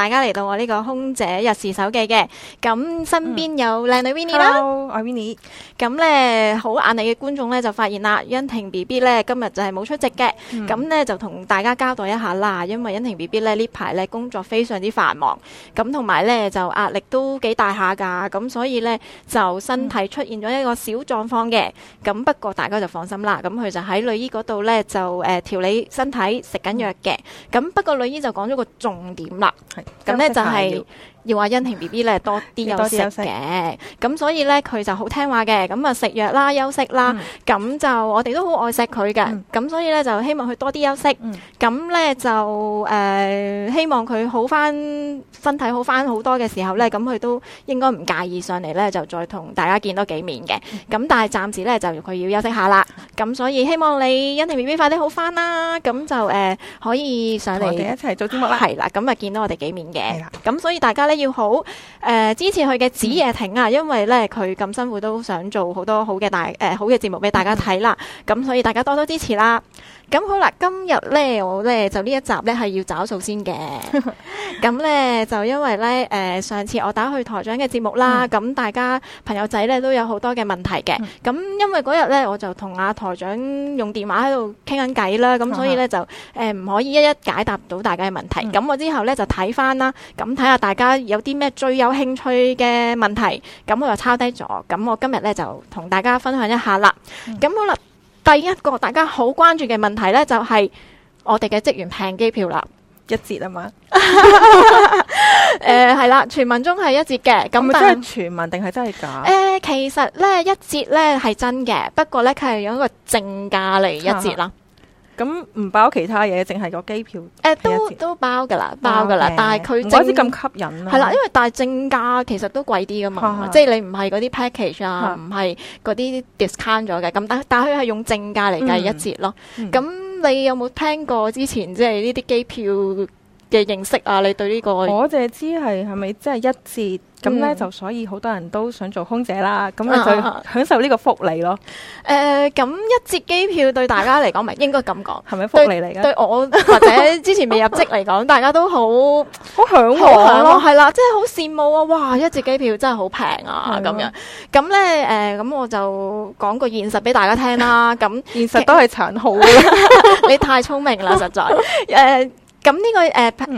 大家嚟到我呢個空姐逸事手記嘅，咁身邊有靚女 Winnie 啦，Hello，我係 Winnie 咁呢，好眼力嘅觀眾呢，就發現啦，欣婷 B B 呢今日就係冇出席嘅，咁、嗯、呢，就同大家交代一下啦，因為欣婷 B B 呢呢排呢工作非常之繁忙，咁同埋呢就壓力都幾大下噶，咁所以呢，就身體出現咗一個小狀況嘅，咁、嗯、不過大家就放心啦，咁佢就喺女醫嗰度呢，就誒呃、調理身體食緊藥嘅，咁不過女醫就講咗個重點啦。咁咧就係，要阿恩婷 B B 咧多啲休息嘅，咁所以咧佢就好聽話嘅，咁啊食藥啦，休息啦，咁就我哋都好愛錫佢嘅，咁所以咧就希望佢多啲休息，咁咧就誒希望佢好返，身體好返好多嘅時候咧，咁佢都應該唔介意上嚟咧就再同大家見多幾面嘅，咁但係暫時咧就佢要休息下啦，咁所以希望你恩婷 B B 快啲好返啦，咁就誒可以上嚟我哋一齊做節目啦，係啦，咁啊見到我哋幾面嘅，咁所以大家。要好誒、呃、支持佢嘅紫夜亭啊，因為咧，佢咁辛苦都想做好多好嘅大誒、呃、好嘅節目俾大家睇啦，咁所以大家多多支持啦。咁好啦，今日呢，我呢就呢一集呢，係要找數先嘅。咁 呢，就因為呢，誒、呃、上次我打去台長嘅節目啦，咁、嗯、大家朋友仔呢，都有好多嘅問題嘅。咁、嗯、因為嗰日呢，我就同阿台長用電話喺度傾緊偈啦，咁、嗯、所以呢，就誒唔、呃、可以一一解答到大家嘅問題。咁、嗯、我之後呢，就睇翻啦，咁睇下大家有啲咩最有興趣嘅問題，咁我就抄低咗。咁我今日呢，就同大家分享一下啦。咁、嗯、好啦。嗯第一個大家好關注嘅問題呢，就係我哋嘅職員平機票啦，一折啊嘛。誒，係啦，傳聞中係一折嘅，咁但係傳聞定係真係假？誒、呃，其實呢，一折呢係真嘅，不過呢，佢係用一個正價嚟一折啦。呵呵咁唔包其他嘢，淨係個機票。誒，都都包噶啦，包噶啦，Okay. 但係佢，唔啲咁吸引啊！係啦，因為但係正價其實都貴啲噶嘛， 即係你唔係嗰啲 package 啊，唔係嗰 啲 discount 咗嘅，咁但但係佢係用正價嚟計一折咯。咁、嗯嗯、你有冇聽過之前即係呢啲機票？嘅認識啊，你對呢、這個我淨係知係係咪真係一折咁呢，就所以好多人都想做空姐啦，咁你就享受呢個福利咯。誒、呃，咁一折機票對大家嚟講，咪係應該咁講，係咪福利嚟嘅？對我或者之前未入職嚟講，大家都好好向往咯，係啦，即係好羨慕啊！哇，一折機票真係好平啊！咁、啊、樣咁呢，誒、呃，咁我就講個現實俾大家聽啦。咁現實都係殘酷，你太聰明啦，實在誒。咁呢、呢個誒誒，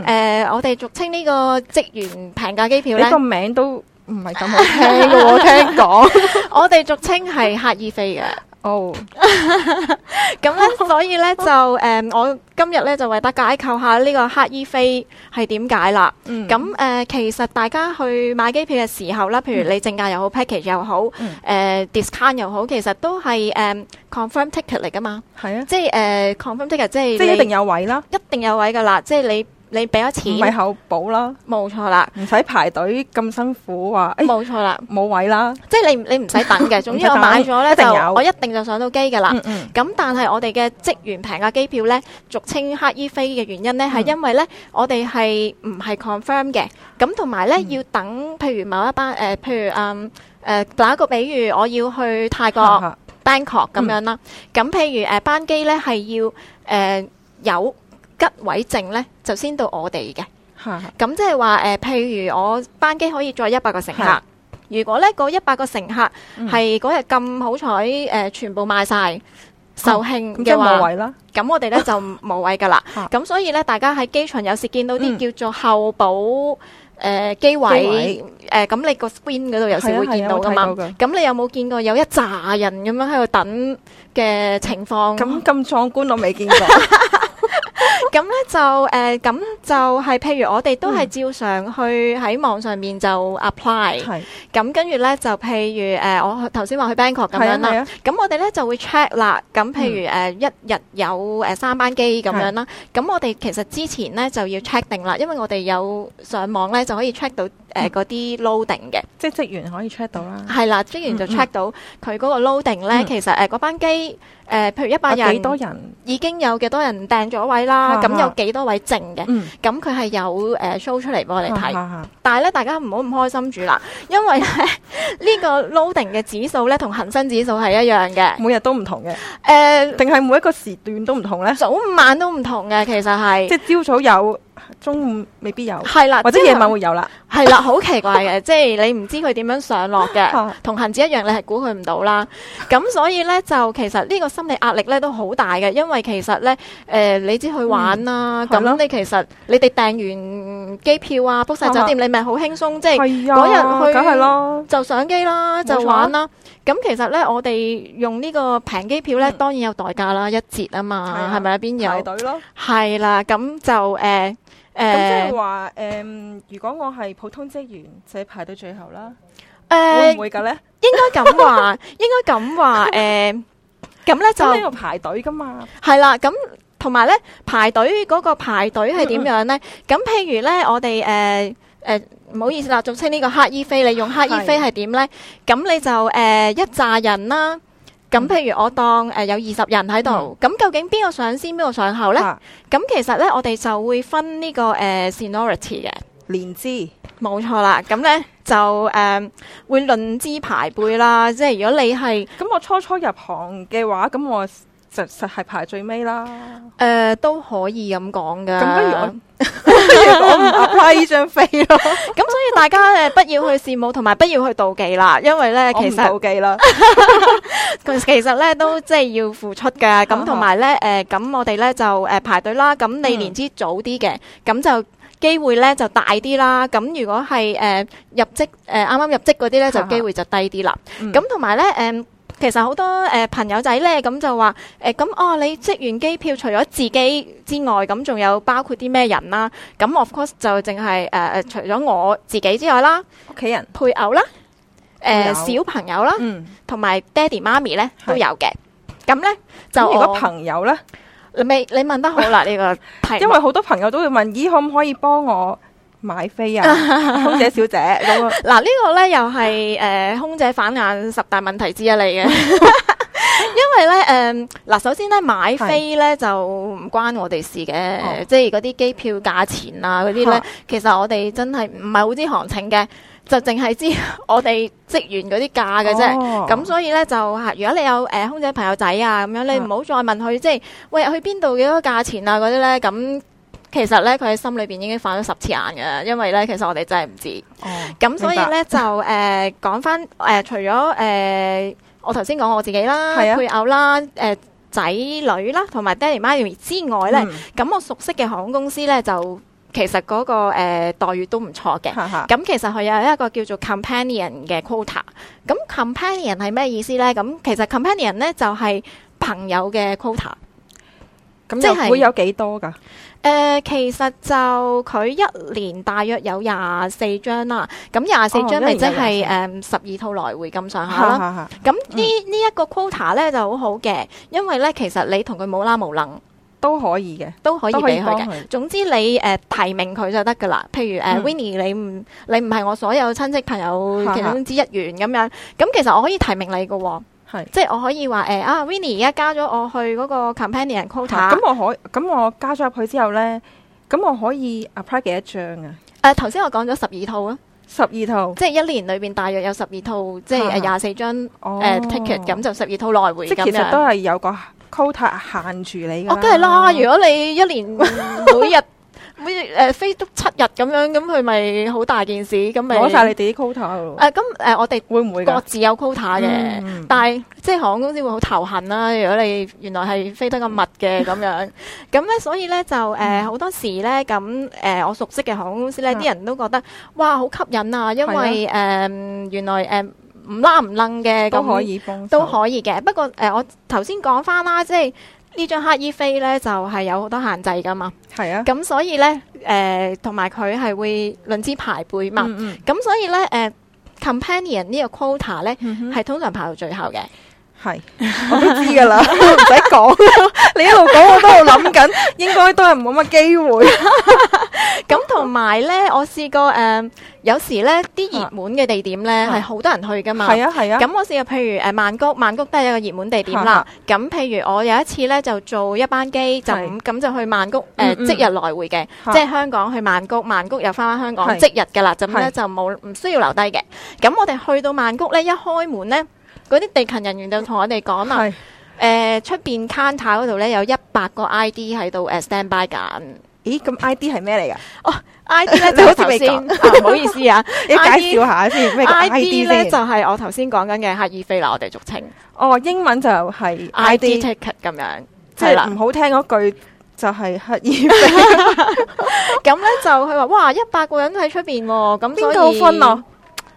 呃呃嗯、我哋俗稱呢個職員平價機票，呢個名都唔係咁好聽嘅喎。 我聽講， 我哋俗稱係客意飛嘅。哦，咁咧、oh. 所以咧就誒、嗯，我今日咧就為大家解構下呢個黑衣飛係點解啦。咁誒、mm. 嗯，其實大家去買機票嘅時候啦，譬如你正價又好，package 又好，誒、呃、discount 又好，其實都係誒、嗯、confirm ticket 嚟噶嘛。係啊，即係誒、呃、confirm ticket，即係即係一定有位啦，一定有位噶啦，即係你。你俾咗錢，係後補啦，冇錯啦，唔使排隊咁辛苦話，冇錯啦，冇位啦，即係你你唔使等嘅，總之我買咗咧就我一定就上到機㗎啦。咁但係我哋嘅職員平價機票咧，俗稱黑衣飛嘅原因咧，係因為咧我哋係唔係 confirm 嘅，咁同埋咧要等，譬如某一班誒，譬如誒誒打個比喻，我要去泰國 Bangkok 咁樣啦，咁譬如誒班機咧係要誒有，一位剩咧，就先到我哋嘅。咁即係話，誒，譬如我班機可以載一百個乘客，如果咧嗰一百個乘客係嗰日咁好彩，誒，全部賣晒，售罄嘅話，咁我哋咧就冇位噶啦。咁所以咧，大家喺機場有時見到啲叫做候補，誒，機位，誒，咁你個 screen 嗰度有時會見到噶嘛？咁你有冇見過有一紮人咁樣喺度等嘅情況？咁咁壯觀，我未見過。咁咧就誒，咁、呃、就係譬如我哋都係照常去喺網上面就 apply，咁、嗯、跟住咧就譬如誒、呃，我頭先話去 Bangkok 咁樣啦，咁、啊啊、我哋咧就會 check 啦，咁譬如誒、嗯啊、一日有誒三班機咁樣啦，咁是我哋其實之前咧就要 check 定啦，因為我哋有上網咧就可以 check 到。誒嗰啲 loading 嘅，即係職員可以 check 到啦。係啦，職員就 check 到佢嗰個 loading 咧。其實誒嗰班機誒，譬如一班人幾多人已經有幾多人訂咗位啦？咁有幾多位剩嘅？咁佢係有誒 show 出嚟幫我哋睇。但係咧，大家唔好唔開心住啦，因為呢個 loading 嘅指數咧，同恒生指數係一樣嘅。每日都唔同嘅。誒，定係每一個時段都唔同咧？早晚都唔同嘅，其實係即係朝早有。中午未必有，係啦，或者夜晚會有啦，係啦，好奇怪嘅，即係你唔知佢點樣上落嘅，同行者一樣，你係估佢唔到啦。咁所以呢，就其實呢個心理壓力呢都好大嘅，因為其實呢，誒，你知去玩啦，咁你其實你哋訂完機票啊，book 曬酒店，你咪好輕鬆，即係嗰日去，梗係咯，就上機啦，就玩啦。咁其實咧，我哋用呢個平機票咧，當然有代價啦，一折啊嘛，係咪啊？邊有排隊咯？係啦，咁就誒誒，即係話誒，如果我係普通職員，就排到最後啦。誒會唔會嘅咧？應該咁話，應該咁話誒。咁咧就因為排隊噶嘛。係啦，咁同埋咧排隊嗰個排隊係點樣咧？咁譬如咧，我哋誒。誒唔、呃、好意思啦，俗稱呢個黑衣飛，你用黑衣飛係點呢？咁是的 你就誒、呃、一紮人啦。咁譬如我當誒、呃、有二十人喺度，咁、嗯、究竟邊個上先，邊個上後呢？咁、啊、其實呢，我哋就會分呢、這個誒 seniority 嘅年資，冇錯啦。咁呢，就誒、呃、會論資排輩啦。即係如果你係咁，我初初入行嘅話，咁我。實實係排最尾啦，誒都可以咁講噶。咁不如我唔 upgrade 呢張飛咯。咁所以大家誒不要去羨慕，同埋不要去妒忌啦。因為咧，其實妒忌啦。其實咧都即係要付出噶。咁同埋咧，誒咁我哋咧就誒排隊啦。咁你年資早啲嘅，咁就機會咧就大啲啦。咁如果係誒入職誒啱啱入職嗰啲咧，就機會就低啲啦。咁同埋咧，誒。其實好多誒、呃、朋友仔咧，咁就話誒咁哦，你職員機票除咗自己之外，咁仲有包括啲咩人啦、啊？咁 of course 就淨係誒誒，除咗我自己之外啦，屋企人、配偶啦、誒、呃、友小朋友啦，嗯，同埋爹哋媽咪咧都有嘅。咁咧是就如果朋友咧，你咪你問得好啦呢 個題，因為好多朋友都會問，咦可唔可以幫我？買飛啊， 空姐小姐咁，嗱，呢、 呢個呢又係誒、呃、空姐反眼十大問題之一嚟嘅。 因為呢，誒、呃、嗱，首先呢，買飛呢就唔關我哋事嘅，哦、即係嗰啲機票價錢啊嗰啲呢，啊、其實我哋真係唔係好知行情嘅，就淨係知我哋職員嗰啲價嘅啫。咁、哦、所以呢，就吓，如果你有誒、呃、空姐朋友仔啊咁樣，你唔好再問佢，即係喂去邊度幾多價錢啊嗰啲呢。咁。其實咧，佢喺心裏邊已經犯咗十次眼㗎，因為咧，其實我哋真係唔知。哦，咁所以咧明白 就誒講翻誒，除咗誒、呃、我頭先講我自己啦、是啊、配偶啦、誒、呃、仔女啦，同埋爹哋媽咪之外咧，咁、嗯、我熟悉嘅航空公司咧，就其實嗰、那個、呃、待遇都唔錯嘅。嚇咁哈哈 其實佢有一個叫做 companion 嘅 quota。咁 companion 係咩意思咧？咁其實 companion 咧就係朋友嘅 quota。咁即係是 會有幾多噶？誒、呃，其實就佢一年大約有廿四張啦，咁廿四張咪即係誒十二套來回咁上下啦。咁呢呢一個 quota 咧就好好嘅，因為咧其實你同佢冇啦無能都可以嘅，都可以俾佢嘅。總之你誒、呃、提名佢就得㗎啦。譬如誒、呃嗯、Winnie 你唔你唔係我所有親戚朋友其中之一員咁樣，咁 其實我可以提名你嘅喎、哦。係，即係我可以話誒啊 Winnie 而家加咗我去嗰個 companion quota、啊。咁我可，咁我加咗入去之後咧，咁我可以 apply 幾多張啊？誒，頭先我講咗十二套啊，十二套，套，套，即係一年裏邊大約有十二套，即係廿四張誒 ticket，咁就十二套來回。即其實都係有個 quota 限住你㗎。我梗係啦，如果你一年 每日。每誒飛足七日咁樣，咁佢咪好大件事，咁咪攞晒你哋啲 quota 喎。咁誒、啊嗯啊嗯啊，我哋會唔會各自有 quota 嘅？嗯、但係即係航空公司會好頭痕啦、啊。如果你原來係飛得咁密嘅咁樣，咁咧 所以咧就誒好、呃嗯、多時咧咁誒我熟悉嘅航空公司咧，啲人都覺得哇好吸引啊！因為誒的、呃、原來誒、呃、唔拉唔楞嘅都可以都可以嘅。不，不過誒、呃、我頭先講翻啦，即係。呢張黑衣飛呢，就係、是、有好多限制噶嘛，係啊，咁所以呢，誒、呃，同埋佢係會論資排輩嘛，咁、嗯嗯、所以呢誒、呃、Companion 呢個 quota 呢，係、嗯、哼通常排到最後嘅，係是， 我都知噶啦，唔使講。 你一路講，我都喺度諗緊，應該都係冇乜機會。咁同埋咧，我試過誒，有時咧啲熱門嘅地點咧係好多人去㗎嘛。係啊係啊。咁我試過，譬如誒曼谷，曼谷都係一個熱門地點啦。咁譬如我有一次咧就做一班機，就咁就去曼谷誒，即日來回嘅，即係香港去曼谷，曼谷又返返香港，即日㗎啦。咁咧就冇唔需要留低嘅。咁我哋去到曼谷咧一開門咧，嗰啲地勤人員就同我哋講啦。誒，出邊 counter 嗰度咧有一百個 ID 喺度誒 standby 揀。咦，咁 ID 係咩嚟噶？哦，ID 咧就好頭先，唔好意思啊，你介紹下先咩叫 ID 先？ID 咧就係我頭先講緊嘅乞兒飛，嗱我哋俗稱。哦，英文就係 ID ticket 咁樣，即係唔好聽嗰句就係乞兒飛。咁咧就佢話，哇，一百個人都喺出邊喎，咁邊個分啊？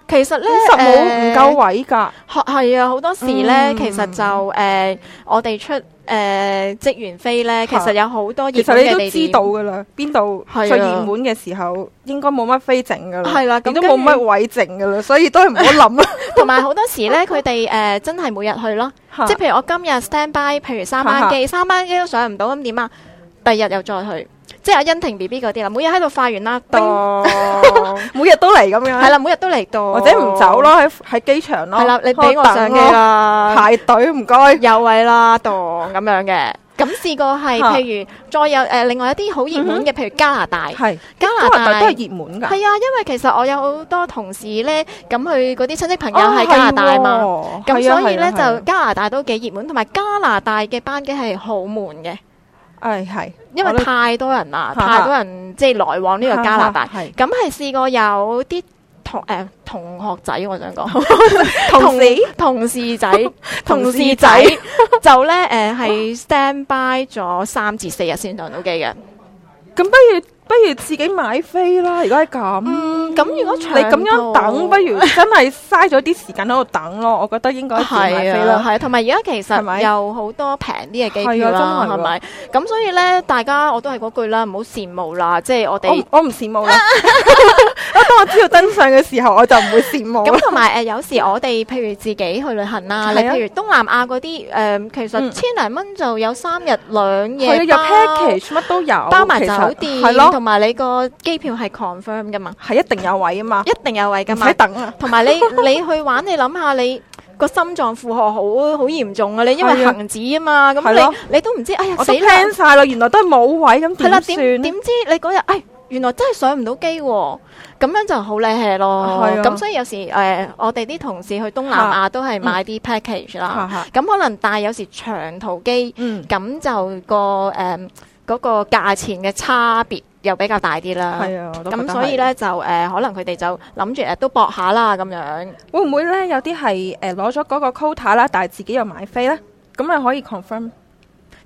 其實咧實冇唔夠位噶，係啊，好多時咧，其實就誒，我哋出誒職員飛咧，其實有好多嘢，其實你都知道噶啦，邊度最熱門嘅時候，應該冇乜飛剩噶啦，係啦，咁都冇乜位剩噶啦，所以都係唔好諗啦。同埋好多時咧，佢哋誒真係每日去咯，即係譬如我今日 stand by，譬如三班機，三班機都上唔到，咁點啊？第二日又再去。即係阿欣婷 B B 嗰啲啦，每日喺度化完啦，到每日都嚟咁樣，係啦，每日都嚟到，或者唔走咯，喺喺機場咯，係啦，你俾我上機啦，排隊唔該，有位啦，到咁樣嘅。咁試過係，譬如再有誒，另外一啲好熱門嘅，譬如加拿大，係加拿大都係熱門噶。係啊，因為其實我有好多同事咧，咁佢嗰啲親戚朋友喺加拿大嘛，咁所以咧就加拿大都幾熱門，同埋加拿大嘅班機係好悶嘅。誒係，哎、因為太多人啦，的太多人、啊、即係來往呢個加拿大，咁係、啊、試過有啲同誒、呃、同學仔，我想講 同事時同事仔同事仔，就咧誒係 stand by 咗三至四日先上到機嘅。咁 不如不如自己買飛啦！如果係咁，咁如果你咁樣等，不如真係嘥咗啲時間喺度等咯。我覺得應該自己買飛啦。係啊，係。同埋而家其實有好多平啲嘅機票啦，係咪？咁所以咧，大家我都係嗰句啦，唔好羨慕啦。即係我哋，我唔羨慕嘅。當我知道真相嘅時候，我就唔會羨慕。咁同埋誒，有時我哋譬如自己去旅行啊，例如東南亞嗰啲誒，其實千零蚊就有三日兩夜包。佢有 package，乜都有，包埋酒店係咯。同埋你個機票係 confirm 嘅嘛，係一定有位啊嘛，一定有位噶嘛。喺等啊，同埋你你去玩，你諗下你個心臟負荷好好嚴重啊！你因為行子啊嘛，咁你你都唔知，哎呀死啦！我都 plan 晒咯，原來都係冇位咁，係啦點算？點知你嗰日哎，原來真係上唔到機，咁樣就好叻氣咯。咁所以有時誒，我哋啲同事去東南亞都係買啲 package 啦，咁可能但係有時長途機，咁就個誒。嗰個價錢嘅差別又比較大啲啦，咁、啊、所以咧就誒、呃、可能佢哋就諗住誒都搏下啦咁樣。會唔會咧有啲係誒攞咗嗰個 quota 啦，但係自己又買飛咧？咁你可以 confirm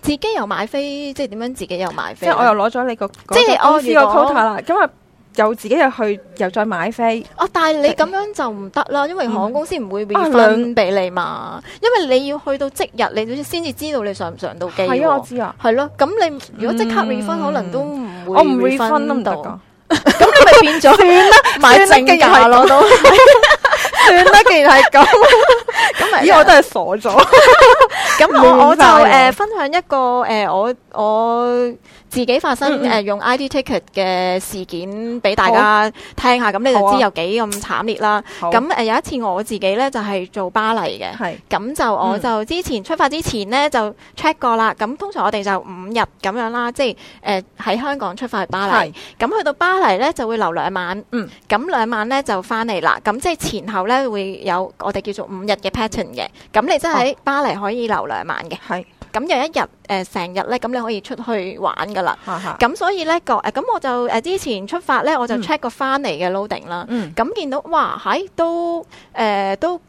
自己又買飛，即係點樣自己又買飛？即係我又攞咗你、嗰個、嗰個、quota，即係公司個 quota 啦，咁、哦、啊。又自己又去，又再買飛啊！但係你咁樣就唔得啦，因為航空公司唔會變分俾你嘛。因為你要去到即日，你先先至知道你想唔想到機。係啊，我知啊。係咯，咁你如果即刻變分，可能都唔會。我唔會分到。咁你咪變咗算啦，買正價咯都。算啦，既然係咁，咁咦我都係傻咗。咁我就誒分享一個誒，我我。自己發生誒、呃、用 ID ticket 嘅事件，俾大家聽下，咁好你就知有幾咁慘烈啦。咁誒好、呃、有一次我自己咧就係、是、做巴黎嘅，咁是就我就之前、嗯、出發之前咧就 check 過啦。咁通常我哋就五日咁樣啦，即係誒喺香港出發去巴黎，咁是去到巴黎咧就會留兩晚。咁 兩晚咧就翻嚟啦。咁即係前後咧會有我哋叫做五日嘅 pattern 嘅。咁、嗯、你真係喺巴黎可以留兩晚嘅。 咁有一、呃、日，誒成日咧，咁你可以出去玩噶啦。咁 所以咧個誒，咁我就誒、呃、之前出發咧，我就 check 過返嚟嘅 loading 啦。咁見到，哇！喺都誒都。呃都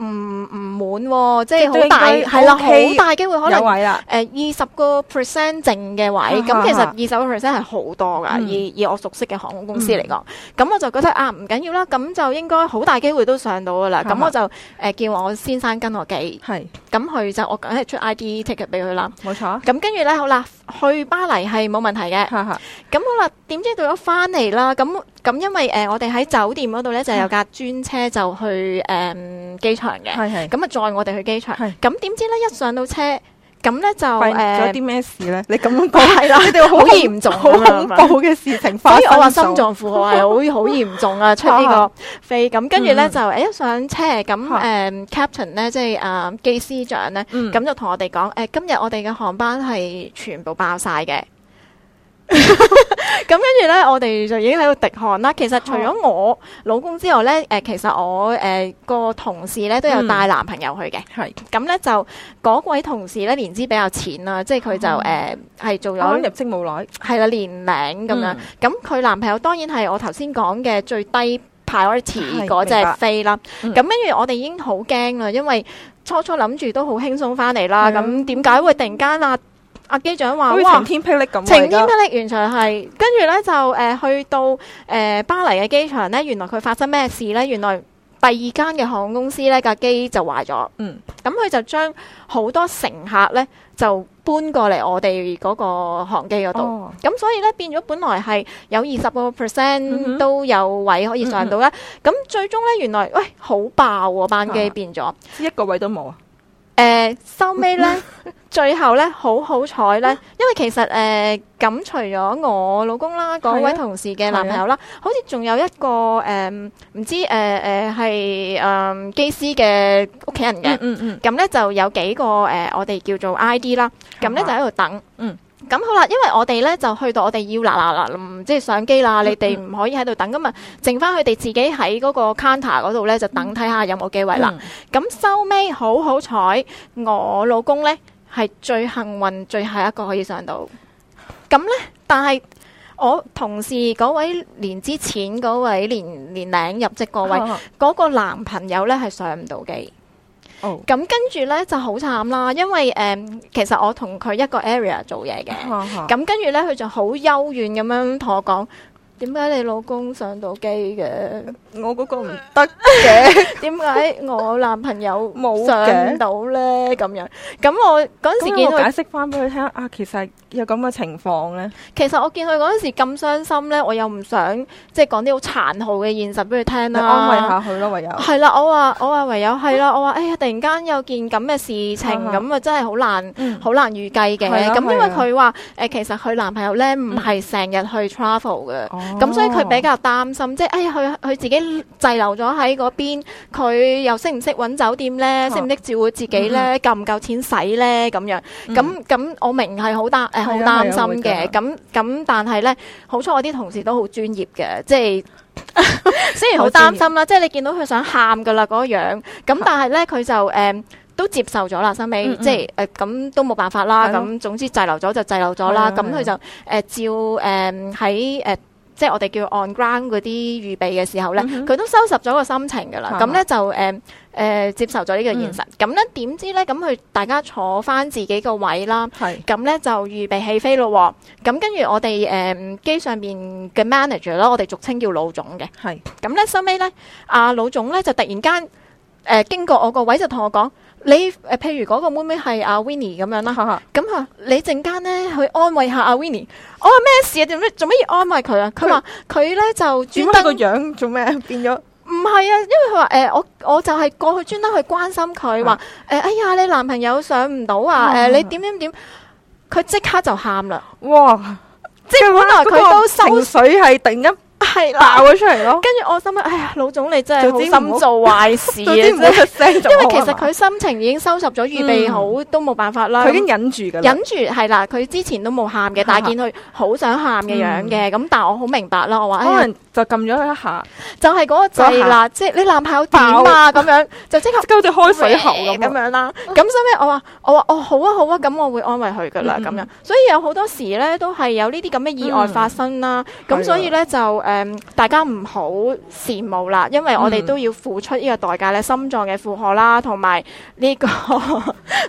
唔唔、嗯、滿喎，哦，即係好大係啦，好、OK、大機會可能誒二十個 percent 剩嘅位，咁 其實二十個 percent 係好多噶，嗯、以以我熟悉嘅航空公司嚟講，咁、嗯、我就覺得啊唔緊要啦，咁就應該好大機會都上到噶啦，咁 我就誒、呃、叫我先生跟我記，係咁佢就我梗係出 ID ticket 俾佢啦，冇錯。 咁跟住咧好啦，去巴黎係冇問題嘅，咁 好啦，點知到咗翻嚟啦，咁咁因為誒、呃、我哋喺酒店嗰度咧就有架專車就去誒、嗯、機場。係係，咁啊，載我哋去機場，咁點知咧一上到車，咁咧就誒，咗啲咩事咧？你咁快，佢哋好嚴重、好恐怖嘅事情發生，所以我話心臟負荷係好好嚴重啊，出呢個飛咁，跟住咧就誒一上車，咁誒 captain 咧即係誒機師長咧，咁就同我哋講，誒今日我哋嘅航班係全部爆晒嘅。咁跟住咧， 我哋就已經喺度滴汗啦。其實除咗我老公之外咧，誒、呃，其實我誒個同事咧都有帶男朋友去嘅。係、嗯。咁咧就嗰位同事咧年資比較淺啦，即係佢就誒係、啊呃、做咗入職冇耐。係啦、啊，年齡咁樣。咁佢、嗯、男朋友當然係我頭先講嘅最低派 r i 嗰隻飛啦。咁跟住我哋已經好驚啦，因為初初諗住都好輕鬆翻嚟啦。咁點解會突然間啊？阿機長話：哇！晴天霹靂咁，晴天霹靂，原來係跟住呢，就誒去到誒巴黎嘅機場呢。原來佢發生咩事呢？原來第二間嘅航空公司呢架機就壞咗。嗯，咁佢就將好多乘客呢就搬過嚟我哋嗰個航機嗰度。咁所以呢，變咗，本來係有二十個 percent 都有位可以上到啦。咁、嗯嗯嗯嗯、最終呢，原來喂好、哎、爆喎、啊、班機變咗一個位都冇啊！誒收尾呢。 最後咧，好好彩咧，因為其實誒咁，除咗我老公啦，嗰位同事嘅男朋友啦，好似仲有一個誒唔知誒誒係誒機師嘅屋企人嘅，咁咧就有幾個誒我哋叫做 ID 啦，咁咧就喺度等，嗯，咁好啦，因為我哋咧就去到我哋要嗱嗱嗱，唔即係上機啦，你哋唔可以喺度等，咁啊，剩翻佢哋自己喺嗰個 counter 嗰度咧就等睇下有冇機會啦。咁收尾好好彩，我老公咧。係最幸運，最後一個可以上到。咁呢，但係我同事嗰位年之前嗰位年年齡入職嗰位，嗰呵個男朋友呢係上唔到機。哦，咁跟住呢就好慘啦，因為誒、呃，其實我同佢一個 area 做嘢嘅，咁呵跟住呢，佢就好幽怨咁樣同我講。點解你老公上到機嘅？我嗰個唔得嘅。點解 我男朋友冇上到咧？咁樣，咁我嗰時、那個、解釋翻俾佢聽啊，其實。有咁嘅情況咧，其實我見佢嗰陣時咁傷心咧，我又唔想即係講啲好殘酷嘅現實俾佢聽啦，安慰下佢咯，唯有係啦，我話我話唯有係啦，我話哎呀，突然間有件咁嘅事情，咁啊真係好難，好難預計嘅。咁因為佢話誒，其實佢男朋友咧唔係成日去 travel 嘅，咁所以佢比較擔心，即係哎呀，佢佢自己滯留咗喺嗰邊，佢又識唔識揾酒店咧，識唔識照顧自己咧，夠唔夠錢使咧，咁樣咁咁，我明係好擔。好擔心嘅，咁咁，但係咧，好彩我啲同事都好專業嘅，即係 雖然好擔心啦，像即係你見到佢想喊㗎啦嗰樣，咁但係咧佢就誒、呃、都接受咗啦，收尾、嗯嗯、即係誒咁都冇辦法啦，咁的總之滯留咗就滯留咗啦，咁佢的就誒、呃、照誒喺誒。呃即係我哋叫 on ground 嗰啲預備嘅時候咧，佢都收拾咗個心情噶啦。咁咧就誒誒接受咗呢個現實。咁咧點知咧，咁佢大家坐返自己個位啦。咁咧就預備起飛咯。咁跟住我哋誒機上邊嘅 manager 啦，我哋俗稱叫老總嘅。係咁咧收尾咧，阿老總咧就突然間誒經過我個位就同我講。你誒，呃，譬如嗰個妹妹係阿 Winnie 咁樣啦，咁啊哈，你陣間咧去安慰下阿 Winnie，我話，哦，咩事啊？做咩做咩要安慰佢啊？佢話佢咧就轉得個樣做咩變咗？唔係啊，因為佢話誒，我我就係過去專登去關心佢，話誒，啊，哎呀，你男朋友上唔到啊？誒，啊呃，你點點點，佢即刻就喊啦。哇！即係本來佢都收水，係定一，係爆咗出嚟咯！跟住我心諗，哎呀，老總你真係好心做壞事啊！因為其實佢心情已經收拾咗，預備好都冇辦法啦。佢已經忍住㗎。忍住係啦，佢之前都冇喊嘅，但係見佢好想喊嘅樣嘅，咁但係我好明白啦。我話可能就撳咗佢一下。就係嗰個掣啦，即係你男朋友點啊？咁樣就即刻。即係好似開水喉咁。咁樣啦。咁所以咧，我話我話哦，好啊好啊，咁我會安慰佢㗎啦，咁樣。所以有好多時咧，都係有呢啲咁嘅意外發生啦。咁所以咧就。誒，大家唔好羨慕啦，因為我哋都要付出呢個代價咧，心臟嘅負荷啦，同埋呢個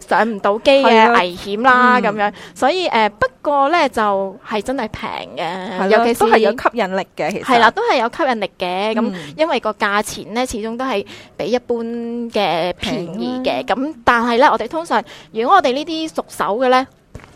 上唔到機嘅危險啦，咁樣。所以誒，不過咧就係真係平嘅，尤其都係有吸引力嘅，其實係啦，都係有吸引力嘅。咁因為個價錢咧，始終都係比一般嘅便宜嘅。咁但係咧，我哋通常如果我哋呢啲熟手嘅咧，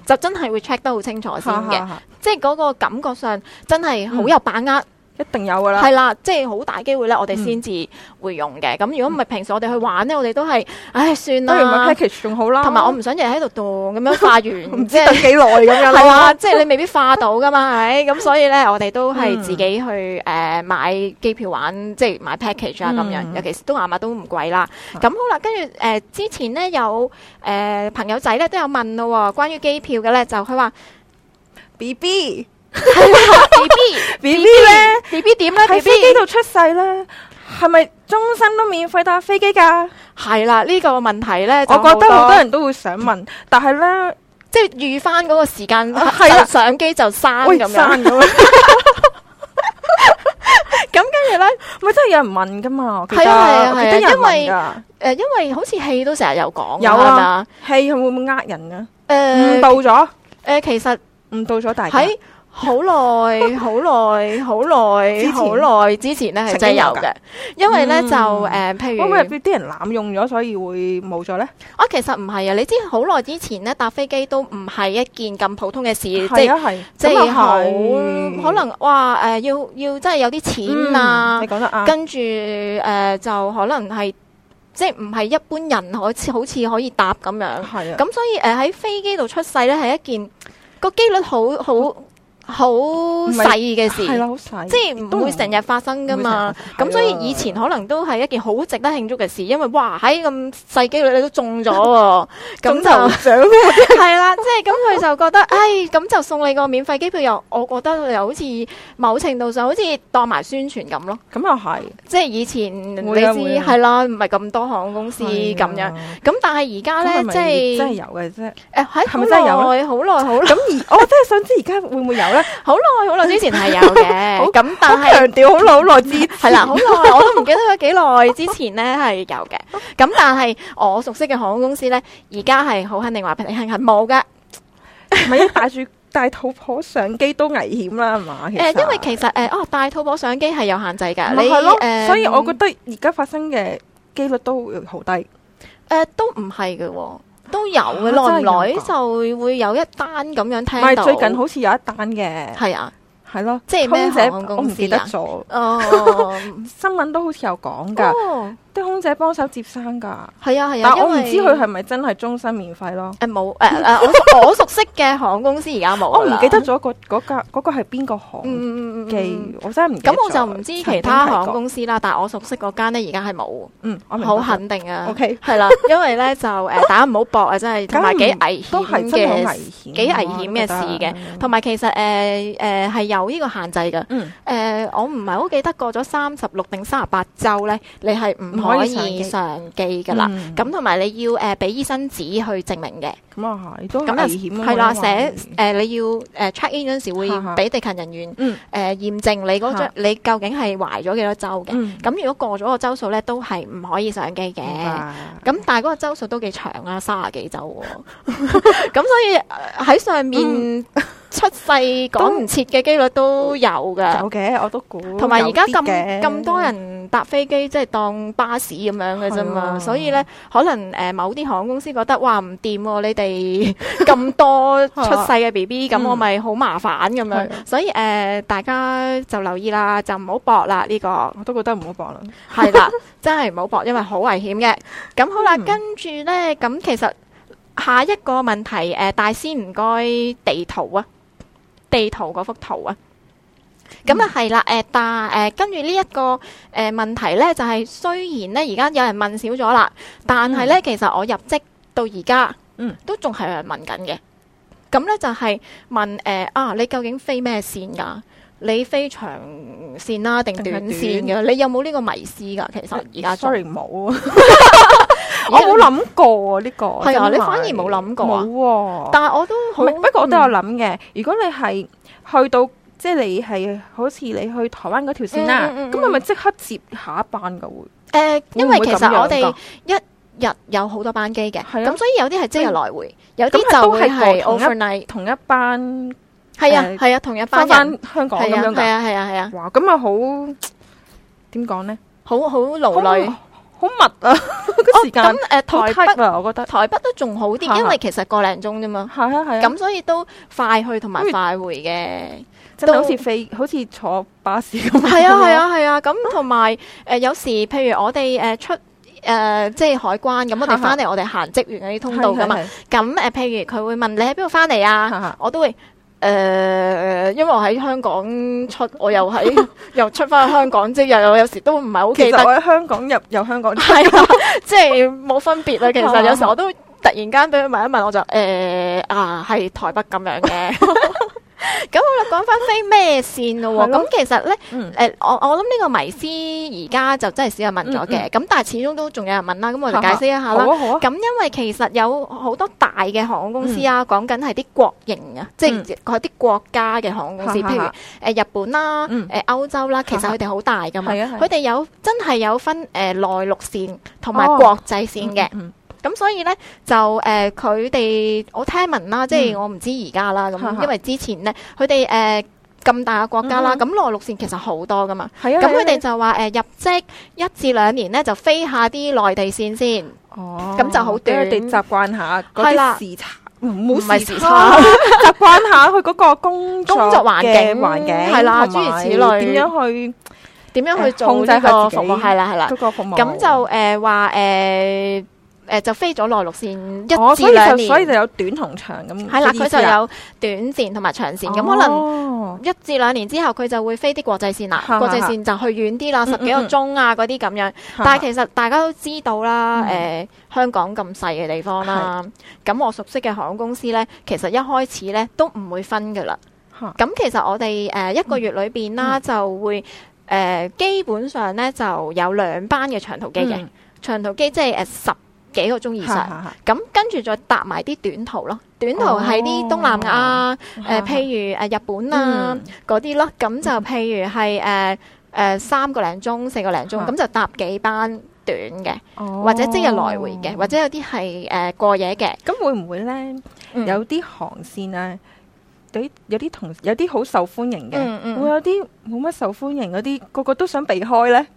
就真係會 check 得好清楚先嘅，即係嗰個感覺上真係好有把握，一定有噶啦，係啦，即係好大機會咧，我哋先至會用嘅。咁、嗯、如果唔係平時我哋去玩咧，我哋都係，唉、哎，算啦，不如 package 仲好啦。同埋我唔想日喺度度咁樣化完，唔知等幾耐咁樣。係啊，即係你未必化到噶嘛，係咪？咁所以咧，我哋都係自己去誒、嗯呃、買機票玩，即係買 package 啊咁樣。嗯、尤其是東南亞都唔貴啦。咁、嗯、好啦，跟住誒之前咧有誒、呃、朋友仔咧都有問咯，關於機票嘅咧就佢話 B B。BB 係啦，B B 咧，B B 點咧？喺飛機度出世啦，係咪終身都免費搭飛機噶？係啦，呢個問題咧，我覺得好多人都會想問，但係咧，即係預翻嗰個時間，係啦，相機就刪咁樣咁，跟住咧，咪真係有人問噶嘛？係啊係啊，因為誒，因為好似戲都成日有講，有啊戲會唔會呃人噶？誒，誤導咗誒，其實誤導咗大家。好耐，好耐，好耐，好耐之前呢，係真有嘅，有因為呢，嗯、就誒，譬如會唔會啲人濫用咗，所以會冇咗呢。啊，其實唔係啊，你知好耐之前呢，搭飛機都唔係一件咁普通嘅事，即係即係可能哇誒、呃，要要，要真係有啲錢啊，嗯、你講得啱，跟住誒就可能係、呃、即係唔係一般人可好似可以搭咁樣，係啊，咁所以誒喺、呃、飛機度出世呢，係一件個機率好好。好細嘅事，係啦，好細，即係唔會成日發生噶嘛。咁所以以前可能都係一件好值得慶祝嘅事，因為哇喺咁細機率你都中咗，咁就想係啦，即係咁佢就覺得，哎，咁就送你個免費機票又，我覺得又好似某程度上好似當埋宣傳咁咯。咁又係，即係以前你知係啦，唔係咁多航空公司咁樣。咁但係而家咧，即係真係有嘅啫。誒，喺，係咪真係有？好耐，好耐，好耐。咁而我真係想知而家會唔會有？好耐好耐之前係有嘅，咁但係強調好耐好耐之前係啦，好耐我都唔記得咗幾耐之前咧，係有嘅，咁但係我熟悉嘅航空公司咧，而家係好肯定話俾你聽係冇嘅，咪帶住帶肚婆相機都危險啦，係嘛？誒，因為其實誒，哦，帶肚婆相機係有限制嘅，咪係咯？所以我覺得而家發生嘅幾率都會好低。誒，都唔係嘅喎。都有嘅，耐唔耐就會有一單咁樣聽到。唔係最近好似有一單嘅？係啊，係咯，即係咩嘢？我唔記得咗。哦， 新聞都好似有講㗎。哦啲空姐幫手接生㗎，係啊係啊，我唔知佢係咪真係終身免費咯？誒冇誒誒，我我熟悉嘅航空公司而家冇，我唔記得咗個嗰間嗰個係邊個航記，我真係唔記得，咁我就唔知其他航空公司啦。但係我熟悉嗰間咧，而家係冇，嗯，我好肯定啊。O K，係啦，因為咧就大家唔好搏啊，真係同埋幾危險嘅，幾危險嘅事嘅，同埋其實誒誒係有呢個限制嘅。嗯，誒我唔係好記得過咗三十六定三十八週咧，你係唔可以上機噶啦，咁同埋你要誒俾醫生紙去證明嘅。咁啊係，都咁危險。係啦，寫誒你要誒 check in 陣時會俾地勤人員誒驗證你嗰張你究竟係懷咗幾多周嘅。咁如果過咗個周數咧，都係唔可以上機嘅。咁但係嗰個周數都幾長啊，卅幾周。咁所以喺上面出世趕唔切嘅幾率都有噶。有嘅，我都估。同埋而家咁咁多人。搭飛機即係當巴士咁樣嘅啫嘛，啊、所以呢，可能誒、呃、某啲航空公司覺得哇唔掂喎，你哋咁多出世嘅 B B，咁我咪好麻煩咁樣，嗯、所以誒、呃、大家就留意啦，就唔好搏啦呢、呢個。我都覺得唔好搏啦，係啦，真係唔好搏，因為好危險嘅。咁好啦，嗯、跟住呢，咁其實下一個問題誒、呃，大師唔該地圖啊，地圖嗰幅圖啊。咁啊係啦，誒，但誒，跟住呢一個誒問題咧，就係雖然咧而家有人問少咗啦，但係咧其實我入職到而家，嗯，都仲係有人問緊嘅。咁咧就係問誒，啊，你究竟飛咩線？噶你飛長線啦定短線嘅？你有冇呢個迷思噶其實而家 sorry 冇，我冇諗過呢個，係啊，你反而冇諗過，冇，但係我都，不過我都有諗嘅。如果你係去到。即係你係好似你去台灣嗰條線啦，咁係咪即刻接下一班噶會？誒，因為其實我哋一日有好多班機嘅，咁所以有啲係即日來回，有啲就係同一同一班，係啊係啊同一班翻香港咁樣噶，係啊係啊係啊。哇，咁啊好點講咧？好好勞累，好密啊個時間。哦，咁誒台北啊，我覺得台北都仲好啲，因為其實個零鐘啫嘛。係啊係啊，咁所以都快去同埋快回嘅。真係好似飛，好似坐巴士咁。係啊，係啊，係啊。咁同埋誒，有時譬如我哋誒出誒，即係海關咁，我哋翻嚟，我哋行職員嗰啲通道噶嘛。咁誒，譬如佢會問你喺邊度翻嚟啊？我都會誒，因為我喺香港出，我又喺又出翻去香港即係，我有時都唔係好記得。我喺香港入，由香港出，啊，即係冇分別啦。其實有時我都突然間畀佢問一問，我就誒啊，係台北咁樣嘅。咁我哋講翻飛咩線咯？咁其實咧，誒，我我諗呢個迷思而家就真係少人問咗嘅。咁但係始終都仲有人問啦。咁我哋解釋一下啦。好啊，好啊。咁因為其實有好多大嘅航空公司啊，講緊係啲國營啊，即係啲國家嘅航空公司，譬如誒日本啦，誒歐洲啦，其實佢哋好大㗎嘛。係啊。佢哋有真係有分誒內陸線同埋國際線嘅。咁所以咧就誒佢哋我聽聞啦，即係我唔知而家啦咁，因為之前咧佢哋誒咁大嘅國家啦，咁內陸線其實好多㗎嘛。係啊，咁佢哋就話誒入職一至兩年咧，就飛下啲內地線先。哦，咁就好短，佢哋習慣下啲時差，唔係時差，習慣下佢嗰個工工作環境，環境係啦，諸如此類，點樣去點樣去控制佢自己個服務，係啦，係啦，咁就誒話誒。誒，就飛咗內陸線一至兩年，所以就有短同長咁。係啦，佢就有短線同埋長線，咁可能一至兩年之後，佢就會飛啲國際線啦。國際線就去遠啲啦，十幾個鐘啊嗰啲咁樣。但係其實大家都知道啦，誒香港咁細嘅地方啦，咁我熟悉嘅航空公司呢，其實一開始呢都唔會分嘅啦。咁其實我哋誒一個月裏邊啦，就會誒基本上呢就有兩班嘅長途機嘅長途機，即係誒十。幾個鐘以上，咁跟住再搭埋啲短途咯。短途係啲東南亞，誒譬如誒日本啊嗰啲咯。咁就譬如係誒誒三個零鐘、四個零鐘，咁就搭幾班短嘅，或者即日來回嘅，或者有啲係誒過夜嘅。咁會唔會咧？有啲航線啊，有有啲同有啲好受歡迎嘅，會有啲冇乜受歡迎嗰啲，個個都想避開咧。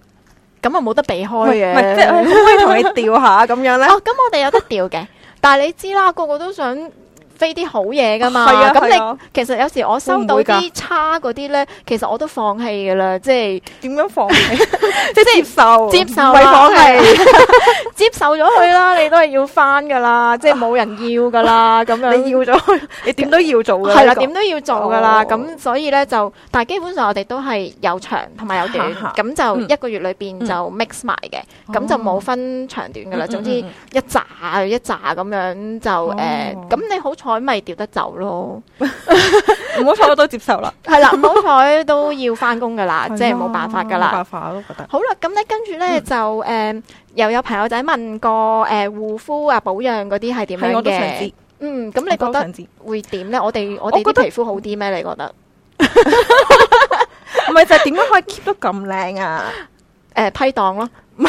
咁啊，冇得避開嘅， 即係可唔可以同你調下咁樣咧。 哦，咁我哋有得調嘅， 但係你知啦，個個都想。飛啲好嘢㗎嘛，係啊，咁你其實有時我收到啲差嗰啲咧，其實我都放棄㗎啦，即係點樣放棄？即係接受，接受啦，接受咗佢啦，你都係要翻㗎啦，即係冇人要㗎啦，咁樣你要咗佢，你點都要做㗎，係啦，點都要做㗎啦，咁所以咧就，但係基本上我哋都係有長同埋有短，咁就一個月裏邊就 mix 埋嘅，咁就冇分長短㗎啦，總之一紮一紮咁樣就誒，咁你好海咪掉得走咯，唔好彩我都接受啦，係啦，唔好彩都要翻工噶啦，即係冇辦法噶啦，辦法咯，覺得好啦，咁咧跟住咧、嗯、就誒、呃、又有朋友仔問過誒護膚啊保養嗰啲係點嘅，我都想知嗯，咁你覺得會點咧？我哋我哋啲皮膚好啲咩？你覺得？唔係 就係點樣可以 keep 得咁靚啊？誒、呃、批檔咯。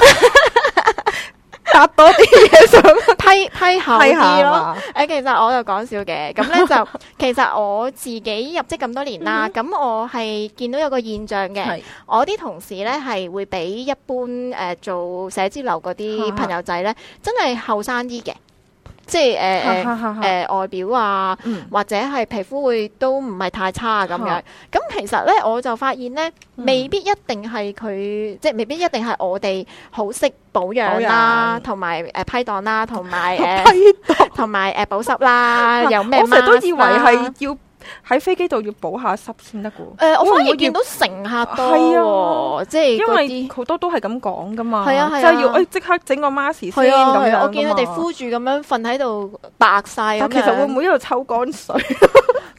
發多啲嘢，上批批厚啲咯，誒，其實我又講笑嘅。咁咧就其實我自己入職咁多年啦，咁我係見到有個現象嘅，我啲同事咧係會比一般誒做寫字樓嗰啲朋友仔咧，真係後生啲嘅。即係誒誒外表啊，嗯、或者係皮膚會都唔係太差啊。咁、嗯、樣。咁其實咧，我就發現咧，嗯、未必一定係佢，即係未必一定係我哋好識保養，啊保養啊呃、啦，同埋誒批檔啦，同埋誒批同埋誒保濕啦。 有咩？ 我成日都以為係要。喺飛機度要補下濕先得噶。誒，我反而見到乘客都係啊，即係因為好多都係咁講噶嘛。係啊係啊，就要即刻整個 mask 先。我見佢哋敷住咁樣瞓喺度，白晒。但係其實會唔會喺度抽乾水？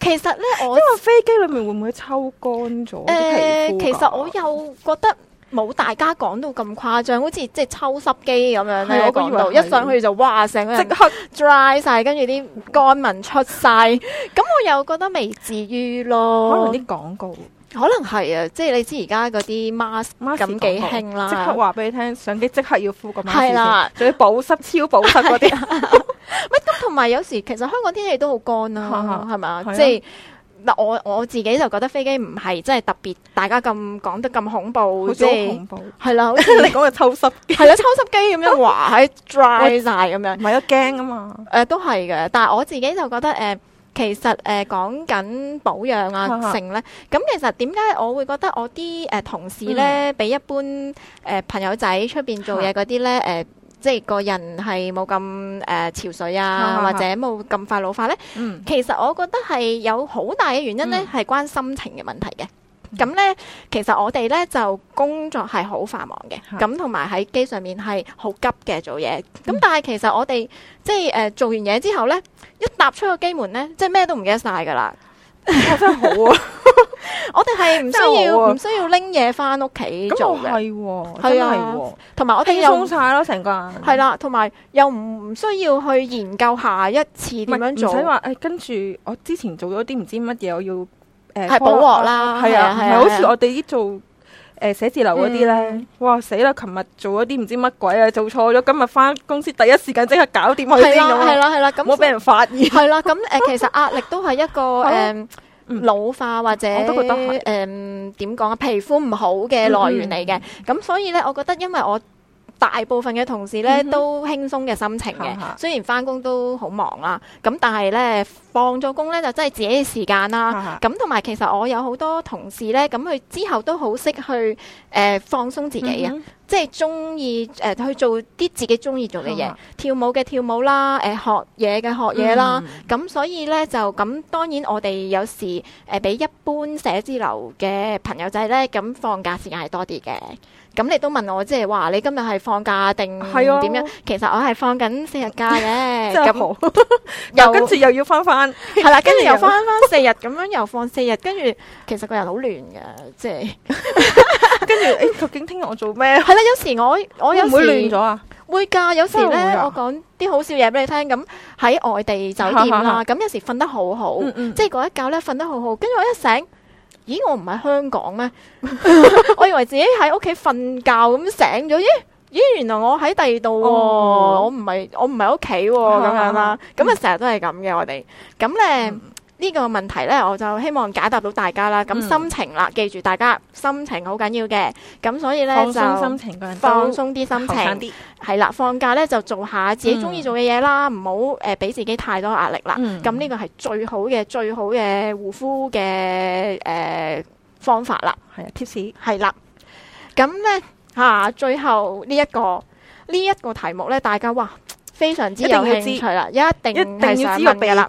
其實咧，因為飛機裏面會唔會抽乾咗？誒，其實我又覺得。冇大家講到咁誇張，好似即係抽濕機咁樣咧，講到，一上去就哇聲，即刻 dry 晒，跟住啲乾紋出晒。咁我又覺得未至於咯。可能啲廣告，可能係啊，即係你知而家嗰啲 mask 咁 mask 幾興啦，即刻話俾你聽，上機即刻要敷個 mask 係啦，仲要保濕超保濕嗰啲。咪咁同埋有時其實香港天氣都好乾啊，係咪？即係。嗱，我我自己就覺得飛機唔係真係特別，大家咁講得咁恐怖，即恐怖，係啦，好似 你講嘅抽濕機，係啦，抽濕機咁樣，哇，係 dry 曬咁你樣，咪都驚啊嘛，誒、呃、都係嘅。但係我自己就覺得誒、呃，其實誒、呃、講緊保養啊，成咧，咁其實點解我會覺得我啲誒、呃、同事咧，嗯、比一般誒、呃、朋友仔出邊做嘢嗰啲咧誒？ 即係個人係冇咁誒潮水啊，或者冇咁快老化呢。 其實我覺得係有好大嘅原因呢，係關心情嘅問題嘅。咁呢，其實我哋呢就工作係好繁忙嘅，咁同埋喺機上面係好急嘅做嘢。咁但係其實我哋即係誒、呃、做完嘢之後呢，一踏出個機門呢，即係咩都唔記得晒㗎啦。真係好啊！我哋係唔需要唔需要拎嘢翻屋企做嘅，係喎，係啊，同埋我哋又沖晒咯，成個人，係啦，同埋又唔需要去研究下一次點樣做，唔使話誒，跟住我之前做咗啲唔知乜嘢，我要誒補鑊啦，係啊，係啊，好似我哋啲做。誒，寫、呃、字樓嗰啲咧，嗯、哇死啦！琴日做一啲唔知乜鬼啊，做錯咗，今日翻公司第一時間即刻搞掂佢先，咁冇俾人發現。係啦，咁、嗯、誒， 其實壓力都係一個誒、 嗯、老化或者我都覺得係誒點講啊，皮膚唔好嘅來源嚟嘅。咁、嗯、所以咧，我覺得因為我。大部分嘅同事咧都輕鬆嘅心情嘅，嗯、哼雖然翻、啊、工都好忙啦，咁但係咧放咗工咧就真係自己嘅時間啦、啊。咁同埋其實我有好多同事咧，咁佢之後都好識去誒、呃、放鬆自己啊，嗯、哼即係中意誒去做啲自己中意做嘅嘢，嗯、哼跳舞嘅跳舞啦，誒、呃、學嘢嘅學嘢啦。咁、嗯、哼所以咧就咁，當然我哋有時誒、呃、比一般寫字樓嘅朋友仔咧，咁放假時間係多啲嘅。咁你都問我，即係話你今日係放假定點樣？其實我係放緊四日假嘅，又跟住又要翻翻，係啦，跟住又翻翻四日，咁樣又放四日，跟住其實個人好亂嘅，即係跟住誒究竟聽日我做咩？係啦，有時我我有時會亂咗啊，會噶。有時咧我講啲好笑嘢俾你聽，咁喺外地酒店啦，咁有時瞓得好好，即係嗰一覺咧瞓得好好，跟住我一醒。咦，我唔喺香港咩？ 我以為自己喺屋企瞓覺咁醒咗，咦咦，原來我喺第二度，我唔係、哦嗯、我唔係屋企咁樣啦，咁啊成日都係咁嘅我哋，咁咧。呢個問題呢，我就希望解答到大家啦。咁、嗯、心情啦，記住大家心情好緊要嘅。咁所以呢，就放鬆啲心情，係啦。放假呢，就做下自己中意做嘅嘢啦，唔好誒俾自己太多壓力啦。咁呢、嗯、個係最好嘅、最好嘅護膚嘅誒、呃、方法啦。係啊 tips 係啦。咁呢，嚇、啊，最後呢、呢、一個呢一、呢個題目呢，大家哇，非常之有興趣啦，一定一定要知嘅啦。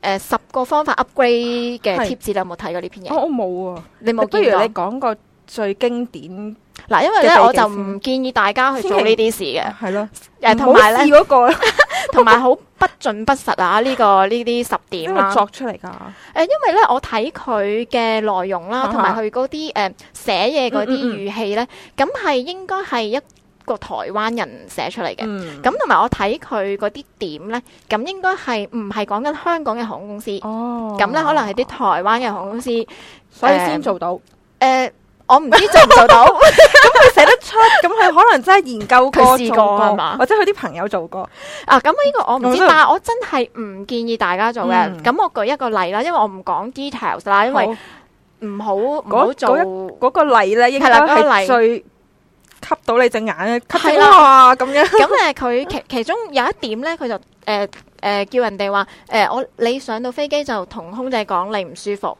誒、呃，十個方法 upgrade 嘅貼子，的你有冇睇過呢篇嘢？我冇。哦、啊，你冇。你不如你講個最經典嗱，因為咧我就唔建議大家去做行、啊、呢啲事嘅。係咯，誒，同埋咧，同埋好不盡不實啊！呢，這個呢啲十點啦、啊，作出嚟噶。誒、呃，因為咧，我睇佢嘅內容啦、啊，同埋佢嗰啲誒寫嘢嗰啲語氣咧，咁係、嗯嗯嗯、應該係一。個台灣人寫出嚟嘅，咁同埋我睇佢嗰啲點呢，咁應該係唔係講緊香港嘅航空公司，咁呢可能係啲台灣嘅航空公司，所以先做到。誒，我唔知做唔做到，咁佢寫得出，咁佢可能真係研究過試過做過，或者佢啲朋友做過啊。咁呢個我唔知，但係我真係唔建議大家做嘅。咁我舉一個例啦，因為我唔講 details 啦，因為唔好唔好做嗰個例呢，應該係最。吸到你隻眼啊！吸到啊咁樣。咁誒、 嗯，佢、嗯、其其中有一點咧，佢就誒誒、呃呃、叫人哋話誒，我你上到飛機就同空姐講你唔舒服，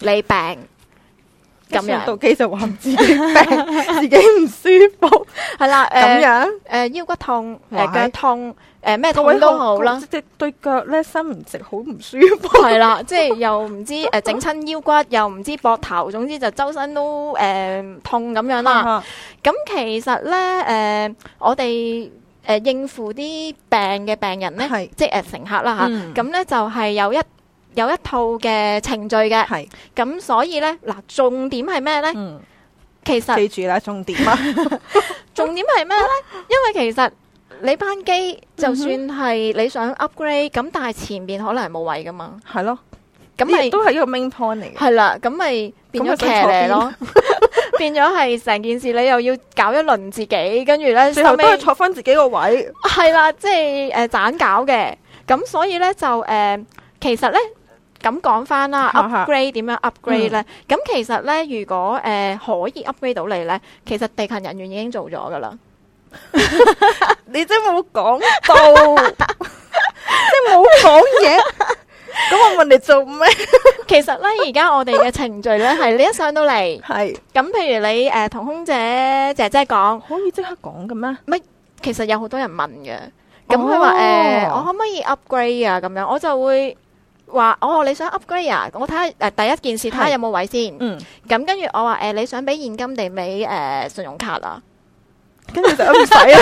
你病。咁樣，到機就話唔知病，自己唔舒服，係啦。咁樣，誒、呃、腰骨痛，誒、呃、腳痛，誒咩都好，好啦。即係對腳咧，伸唔直好唔舒服。係啦，即係又唔知誒整親腰骨，又唔知膊頭，總之就周身都誒痛咁樣啦。咁、嗯嗯、其實咧，誒、啊、我哋誒、欸、應付啲病嘅病人咧，即係誒乘客啦吓，咁、嗯、咧、嗯、就係有一。有一套嘅程序嘅，咁所以咧嗱，重點係咩咧？其實記住啦，重點啊，重點係咩咧？因為其實你班機就算係你想 upgrade，咁但係前面可能係冇位噶嘛，係咯，咁你都係一個 main point 嚟嘅，係啦，咁咪變咗騎呢咯，變咗係成件事你又要搞一輪自己，跟住咧後尾坐翻自己個位，係啦，即係誒盞搞嘅，咁所以咧就誒，其實咧。咁講翻啦，upgrade 點樣 upgrade 咧？咁其實咧，如果誒可以 upgrade 到你咧，其實地勤人員已經做咗㗎喇。你真冇講到，你冇講嘢，咁我問你做咩？其實咧，而家我哋嘅程序咧係你一上到嚟，係咁。譬如你誒同空姐姐姐講，可以即刻講㗎咩？唔係，其實有好多人問嘅。咁佢話誒，我可唔可以 upgrade 啊？咁樣我就會。話哦，你想 upgrade 啊？我睇下誒，第一件事睇下有冇位先。嗯。咁跟住我話誒、呃，你想俾現金定俾誒信用卡 用啊？跟住就唔使啊！」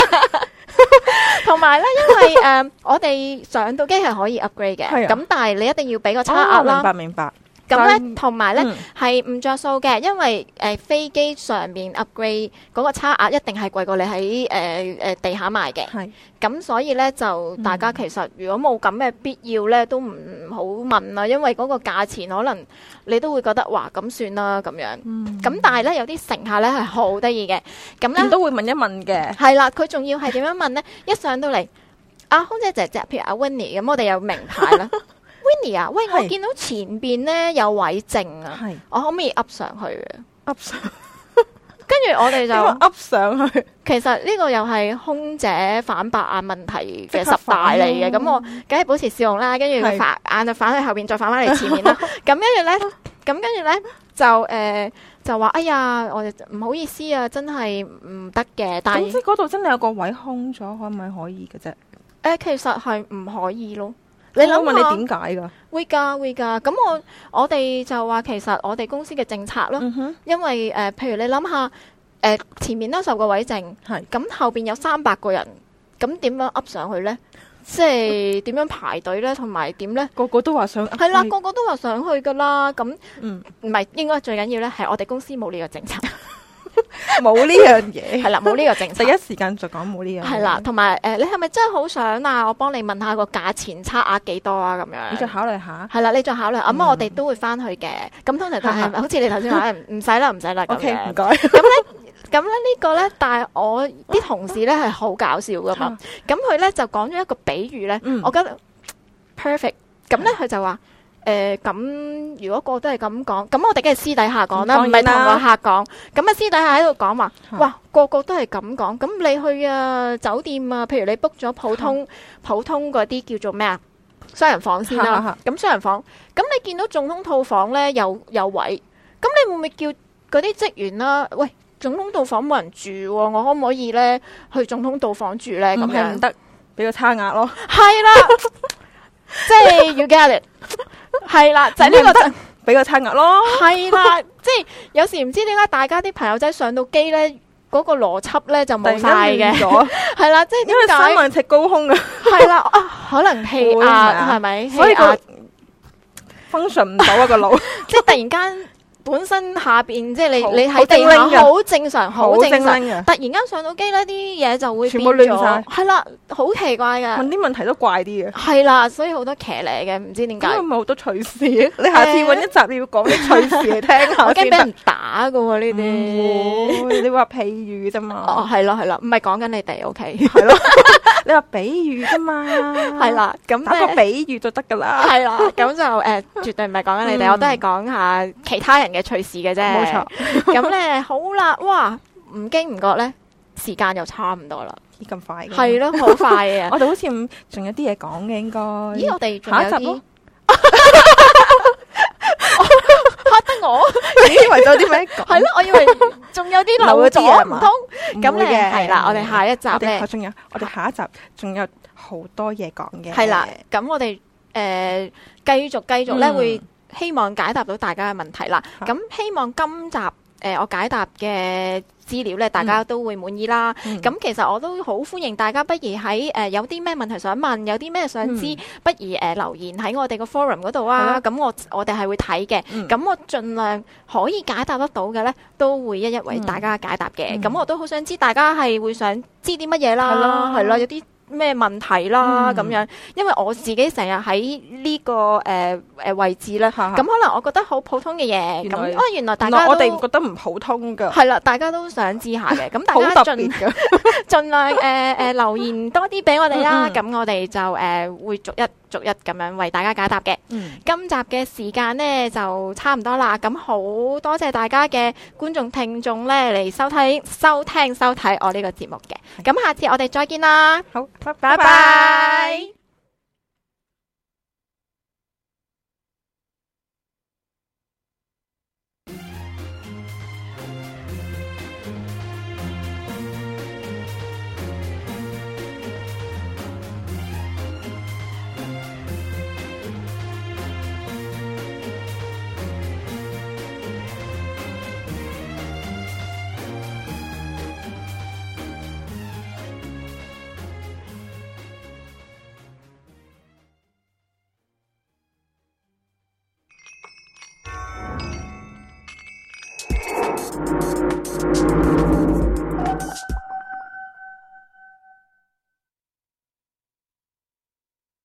同埋咧，因為誒，呃、 我哋上到機係可以 upgrade 嘅。咁、啊、但係你一定要俾個差額啦、嗯。明白，明白。咁咧，同埋咧，係唔著數嘅，因為誒飛機上邊 upgrade 嗰個差額一定係貴過你喺誒誒地下買嘅。係，咁所以咧就大家其實如果冇咁嘅必要咧，都唔好問啦，因為嗰個價錢可能你都會覺得嘩，咁算啦咁樣。嗯，咁但係咧有啲乘客咧係好得意嘅，咁咧都會問一問嘅。係啦，佢仲要係點樣問咧？一上到嚟，阿空姐姐姐，譬如阿 Winnie 咁，我哋有名牌啦。Winnie 啊，喂！是我見到前邊咧有位剩啊。是我可唔可以 up 上去嘅？up 上，跟住 我哋就 up 上去。其實呢個又係空姐反白眼問題嘅十大嚟嘅，咁我梗係保持笑容啦。跟住佢眼就反去後邊，再反翻嚟前面啦。咁跟住咧，咁跟住咧就誒，就話、呃、哎呀，我哋唔好意思啊，真係唔得嘅。但係嗰度真係有個位空咗，可唔可以可以嘅啫？誒，其實係唔可以咯。你諗我問你點解噶？會噶會噶，咁我我哋就話其實我哋公司嘅政策咯，因為誒，譬如你諗下，誒前面得十個位剩，係咁後邊有三百個人，咁點樣 up 上去咧？即係點樣排隊咧？同埋點咧？個個都話想係啦，個個都話想去噶啦。咁，唔唔係，應該最緊要咧係我哋公司冇呢個政策。冇呢樣嘢，係啦，冇呢個政策，第一時間就講冇呢樣，係啦，同埋誒，你係咪真係好想啊？我幫你問下個價錢差額幾多啊？咁樣，你再考慮下，係啦，你再考慮，咁啊我哋都會翻去嘅。咁通常但係，好似你頭先話，唔使啦，唔使啦，OK，唔該。咁咧，咁咧呢個咧，但係我啲同事咧係好搞笑噶嘛。咁佢咧就講咗一個比喻咧，我覺得 perfect。咁咧佢就話。誒，咁、呃、如果個個都係咁講，咁我哋梗係私底下講啦，唔係同個客講。咁啊，私底下喺度講話，嗯、哇，個個都係咁講。咁你去啊酒店啊，譬如你 book 咗普通、嗯、普通嗰啲叫做咩啊，雙人房先啦。咁雙、嗯嗯、人房，咁你見到總統套房咧有有位，咁你會唔會叫嗰啲職員啦、啊？喂，總統套房冇人住、啊，我可唔可以咧去總統套房住咧？咁係唔得，俾個差額咯。係啦。即係 you get it，係 啦，呢那個、呢就呢個就俾個差額咯。係 啦，即係有時唔知點解大家啲朋友仔上到機咧，嗰個邏輯咧就冇晒嘅。咗。係啦，即係因為三萬尺高空嘅。係 啦，啊，可能氣壓係咪？氣壓 function 唔到啊個腦， 即係突然間。本身下邊即係你你喺地下好正常好正常，突然間上到機呢啲嘢就會全部亂晒，係啦，好奇怪噶！問啲問題都怪啲嘅，係啦，所以好多騎呢嘅唔知點解。因為冇好多趣事，你下次搵一集你要講啲趣事嚟聽下先得。我驚俾人打噶喎呢啲，你話譬如啫嘛？哦，係咯係咯，唔係講緊你哋 O K，係咯。一個比喻啫嘛，係啦，咁打個比喻就得噶啦，係啦，咁就誒，絕對唔係講緊你哋，我都係講下其他人嘅趣事嘅啫，冇錯。咁咧，好啦，哇，唔經唔覺咧，時間又差唔多啦，咦，咁快嘅，係咯，好快嘅，我哋好似仲有啲嘢講嘅，應該。咦，我哋下一集咯。我，你以為有啲咩講？係咯，我以為仲有啲留咗唔通咁嘅。係啦，我哋下一集咧，仲有我哋下一集仲有好多嘢講嘅。係啦，咁我哋誒繼續繼續咧，會希望解答到大家嘅問題啦。咁希望今集。誒、呃，我解答嘅資料咧，大家都會滿意啦。咁、嗯、其實我都好歡迎大家，不如喺誒、呃、有啲咩問題想問，有啲咩想知，嗯、不如誒、呃、留言喺我哋個 forum 度啊。咁、啊、我我哋係會睇嘅。咁、嗯、我盡量可以解答得到嘅咧，都會一一為大家解答嘅。咁、嗯、我都好想知大家係會想知啲乜嘢啦。係、嗯、啦，係、嗯、啦，有啲。咩問題啦咁樣？因為我自己成日喺呢個誒誒位置啦。咁可能我覺得好普通嘅嘢，咁啊原來大家都我哋覺得唔普通噶，係啦，大家都想知下嘅，咁大家盡盡量誒誒留言多啲俾我哋啦。咁我哋就誒會逐一逐一咁樣為大家解答嘅。今集嘅時間呢，就差唔多啦。咁好多謝大家嘅觀眾聽眾咧嚟收睇收聽收睇我呢個節目嘅。咁下次我哋再見啦。好。拜拜。